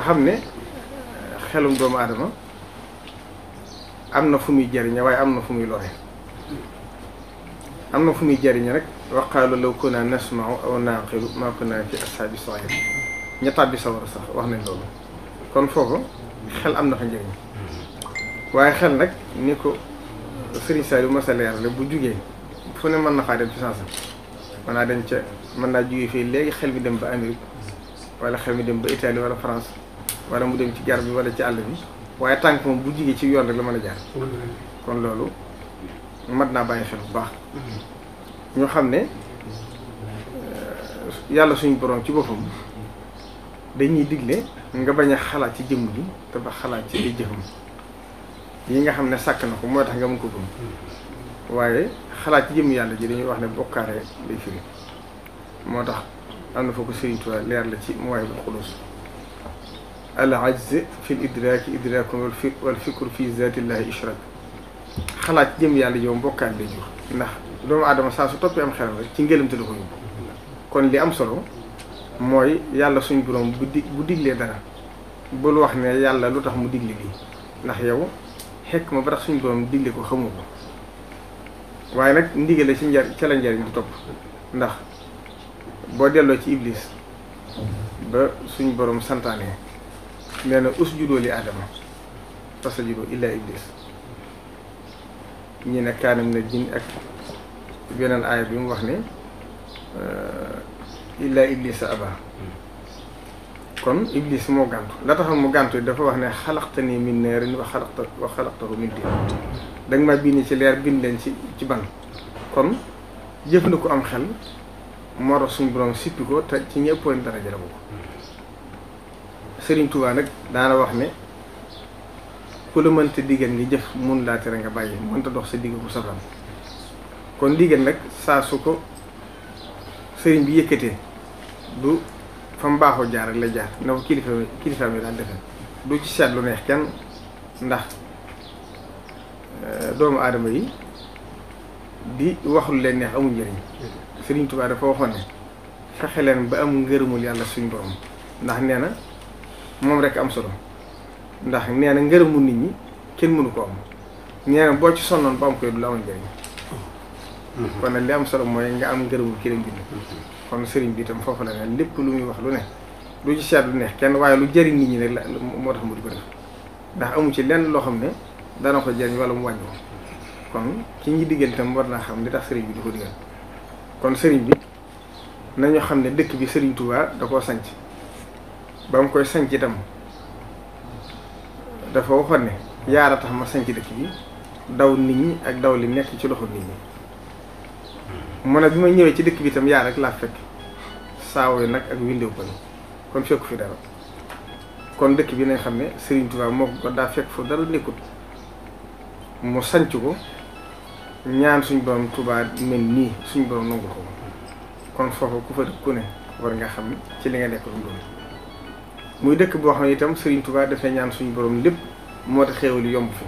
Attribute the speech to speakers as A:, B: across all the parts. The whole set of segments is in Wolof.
A: te xam ne xelum doomu aadama am na fu muy jariñe waaye am na fu muy lore am na fu muy jariñe rek wa qaalu law kunna nasma'u aw naaqilu maa kunna fi ashaabi sa'iir ña tàbbi sawara sax wax nañ loolu kon foofu xel am fa njëriñ waaye xel nag ni ko Serigne Saliou masa leerale bu jugee fu ne mën na faa dem ci sansa mën naa dem ca mën naa jugee fii léegi xel mi dem ba Amérique wala xel mi dem ba Italie wala France wala mu dem ci garab bi wala ci àll bi waaye tànk moom bu jigee ci yoon rek la mën a jaar kon loolu mat naa bàyyi xel bu baax ñoo xam ne euh, yàlla suñu borom ci boppam dañuy digle nga bañ a xalaat ci jëmm ji te ba xalaat ci ay jëfam yi nga xam ne sàkk na ko moo tax nga mën ko gëm waaye xalaat ci jëmm yàlla ji dañuy wax ne bokkaare day firi moo tax am na foo ko Sëriñ Tuubaa leer la ci mu waaye bu xulus العجز في الادراك ادراك والفكر في ذات الله اشراك خلاص جيم يا اليوم بوكان لي جوخ نخ نعم. دوم ادم ساسو توبي ام خيرم سي نغيلم تي دوكو يوب كون لي ام سولو موي يالا سوني بروم بو ديغ لي دارا بول واخ ني يالا لوتاخ مو ديغ لي نخ يو حكم برا سوني بروم ديغ لي كو خمو واي نك نديغي لا سي نجار تي لا نجار دي توب نخ بو ديلو سي nee na usjudu li aadama fasajudu illaa iblis ñi ne kaanam na jin ak beneen aaya bi mu wax ne euh, illaa iblis sa aba kon iblis moo gàntu la taxam mu gàntu dafa wax ne xalaqta ni min naarin wa xalaqta wa xalaqtahu min tiin danga ma bind ci leer bind leen ci ci ban kon jëf na ko am xel moo tax suñu borom sippi ko te ci ñëppoon dara jëla ko sëriñ Touba nag daana wax ne ku la mënta digal nga jëf mun laa tere nga bàyyi mënta dox sa digg bu safan kon digal nag saa su ko sëriñ bi yëkkatee du fa mu baaxoo jaar rek la jaar na ko kilifa kilifa mi daan defe du ci seet lu neex kenn ndax euh, doomu aadama yi di waxul leen neex amul njëriñ sëriñ Touba dafa waxoon ne fexe leen ba am ngërëmul yàlla suñ borom ndax nee moom rek am solo ndax nee na ngërëmu nit ñi kenn mënu ko am nee na boo ci sonnoon ba am koy du la amal njëriñ mhm. kon nag li am solo mooy nga am ngërëmul keneen bi mhm. kon sëriñ bi itam foofu la ne lépp lu muy wax lu ne lu ci seet lu neex kenn waaye lu jëriñ nit ñi rek la moo tax mu di ko def ndax amu ci lenn loo xam ne dana ko jëriñ wala mu wàññi kon ki ñi diggal itam war naa xam li tax sëriñ bi di ko digal kon sëriñ bi nañu xam ne dëkk bi sëriñ Touba da koo sanc ba mu koy sanc itam dafa waxoon ne yaara tax ma sanc dëkk bi daw nit ñi ak daw li nekk ci loxo nit ñi mu ne bi ma ñëwee ci dëkk bi itam yaar rek laa fekk saawo yi nag ak windew ko fi dara kon dëkk bi nañ xam ne Serigne moo daa fekk fu dara mu sanc ñaan suñ borom Touba mel nii suñ borom nangu ko kon foofu ku fa dëkk ku ne war nga xam ne ci li nga nekk lu doon muy dëkk boo xam ne itam Serigne Touba dafay ñaan suñu borom lépp moo tax xéewal yi yomb fi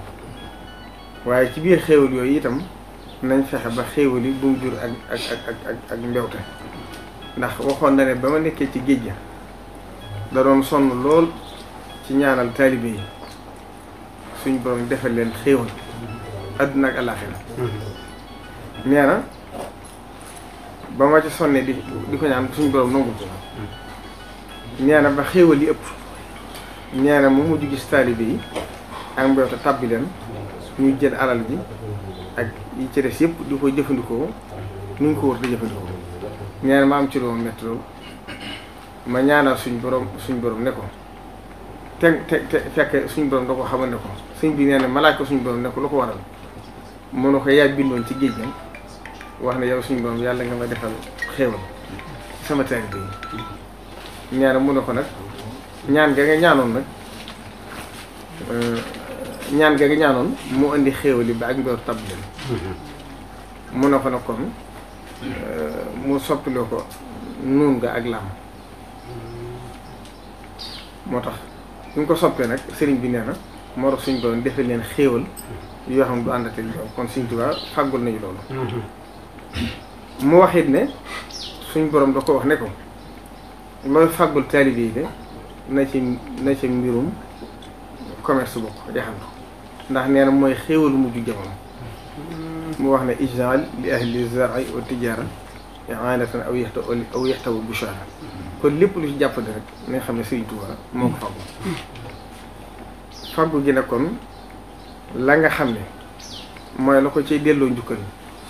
A: waaye ci biir xéewal yooyu itam nañ fexe ba xéewal yi bu mu jur ak ak ak ak ak ndax waxoon na ne ba ma nekkee ci géej ga da doon sonn lool ci ñaanal taalibe yi suñu borom defal leen xéewal àdduna ak àllaaxira nee na ba ma ci sonne di di ko ñaan suñu borom nangu ko nee na ba xéewal yi ëpp nee na mu mujj gis taalibe yi ak mboota tàbbi leen ñuy jël alal bi ak yi ci des yëpp di ko jëfandikoo nu ñu ko war di jëfandikoo nee ma am ci loolu métti loolu ma ñaanal suñ borom suñ borom ne ko te te te fekk suñ borom da ko xamal ne ko suñ bi nee na ma laaj ko suñ borom ne ko lu ko waral mënu ko yaa bindoon ci géej gi wax ne yow suñ borom yàlla nga ma defal xéewal sama taalibe yi nee na mu ko nag ñaan ga nga ñaanoon nag euh, ñaan ga nga ñaanoon mu indi xéewali ba ak ndoor tab leen mhm. mu ne ko nag kon euh, mu soppiloo ko nuun nga ak laam mhm. moo tax ñu ko soppee nag sëriñ bi nee na moo tax suñ doon defal leen xéewal yoo xam du àndatee kon suñ tubaab fàggul nañu loolu mhm. mu waxit ne suñ boroom da ko wax ne ko looy fàggul taalibe yi de na ci na ci mbirum commerce bokk yaxantu ndax nee na mooy xéewalu mujj jamono mu wax ne ijal li ahli zari wa tijara i'anatan aw yaxta aw yaxtawa bushara kon lépp lu ci jàppale rek nañ xam ne Sëriñ Tuubaa moo ko fàggu fàggu gi ne kon la nga xam ne mooy la ko ciy delloo njukkal